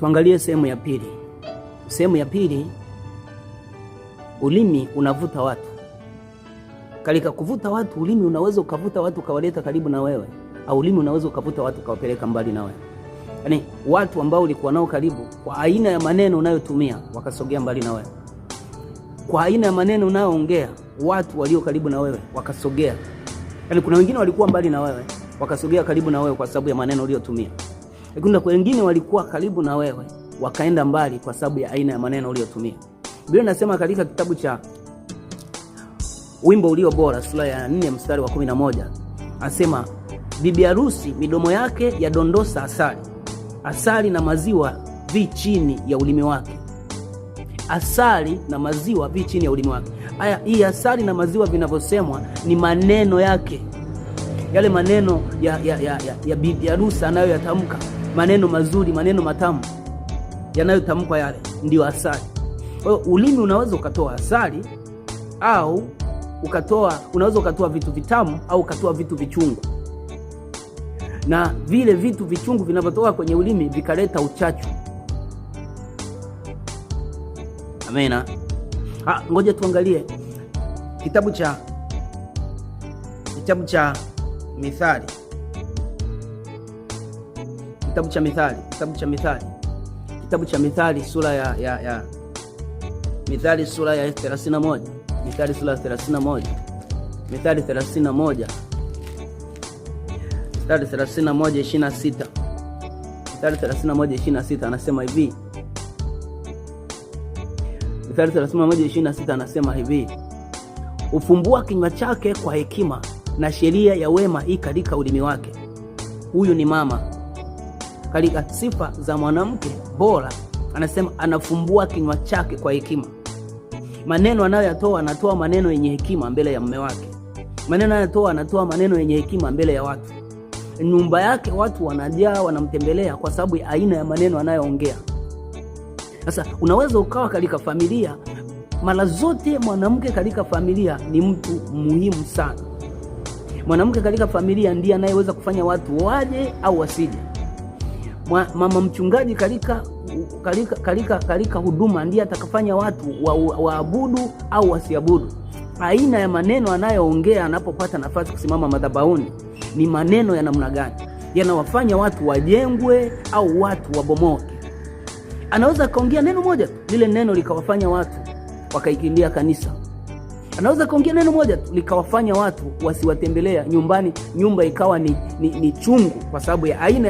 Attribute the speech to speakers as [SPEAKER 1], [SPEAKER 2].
[SPEAKER 1] Tuangalie sehemu ya pili. Sehemu ya pili, ulimi unavuta watu. Katika kuvuta watu, ulimi unaweza ukavuta watu ukawaleta karibu na wewe, au ulimi unaweza ukavuta watu ukawapeleka mbali na wewe. Yaani watu ambao ulikuwa nao karibu, kwa aina ya maneno unayotumia wakasogea mbali na wewe, kwa aina ya maneno unayoongea, watu walio karibu na wewe wakasogea. Yaani kuna wengine walikuwa mbali na wewe wakasogea karibu na wewe kwa sababu ya maneno uliyotumia. Lakini wengine walikuwa karibu na wewe wakaenda mbali kwa sababu ya aina ya maneno uliyotumia. Biblia inasema katika kitabu cha Wimbo Ulio Bora sura ya 4 mstari wa 11 anasema bibi harusi midomo yake yadondosa asali, asali na maziwa vi chini ya ulimi wake. Asali na maziwa vi chini ya ulimi wake. Aya, hii asali na maziwa vinavyosemwa ni maneno yake, yale maneno ya, ya, ya, ya, ya bibi harusi anayoyatamka maneno mazuri, maneno matamu yanayotamkwa yale ndio asali. Kwa hiyo ulimi unaweza ukatoa asali au ukatoa, unaweza ukatoa vitu vitamu au ukatoa vitu vichungu, na vile vitu vichungu vinavyotoka kwenye ulimi vikaleta uchachu. Amena. Ha, ngoja tuangalie kitabu cha kitabu cha Mithali kitabu cha Mithali, kitabu cha Mithali, kitabu cha Mithali sura ya, ya, ya. Mithali sura ya 31, Mithali sura ya 31, Mithali 31 Mithali 31:26, Mithali 31:26 anasema hivi, Mithali 31:26 anasema hivi, ufumbua kinywa chake kwa hekima na sheria ya wema ii katika ulimi wake. Huyu ni mama katika sifa za mwanamke bora, anasema anafumbua kinywa chake kwa hekima. Maneno anayoyatoa anatoa maneno yenye hekima mbele ya mme wake, maneno anayotoa anatoa maneno yenye hekima mbele ya watu. Nyumba yake watu wanajaa, wanamtembelea kwa sababu ya aina ya maneno anayoongea. Sasa unaweza ukawa katika familia, mara zote mwanamke katika familia ni mtu muhimu sana. Mwanamke katika familia ndiye anayeweza kufanya watu waje au wasije mama mchungaji katika kalika, kalika, kalika huduma ndiye atakafanya watu wa, waabudu au wasiabudu. Aina ya maneno anayoongea anapopata nafasi kusimama madhabahuni ni maneno ya namna gani yanawafanya watu wajengwe au watu wabomoke? Anaweza akaongea neno moja tu, lile neno likawafanya watu wakaikimbia kanisa. Anaweza akaongea neno moja tu likawafanya watu wasiwatembelea nyumbani, nyumba ikawa ni, ni, ni chungu kwa sababu ya aina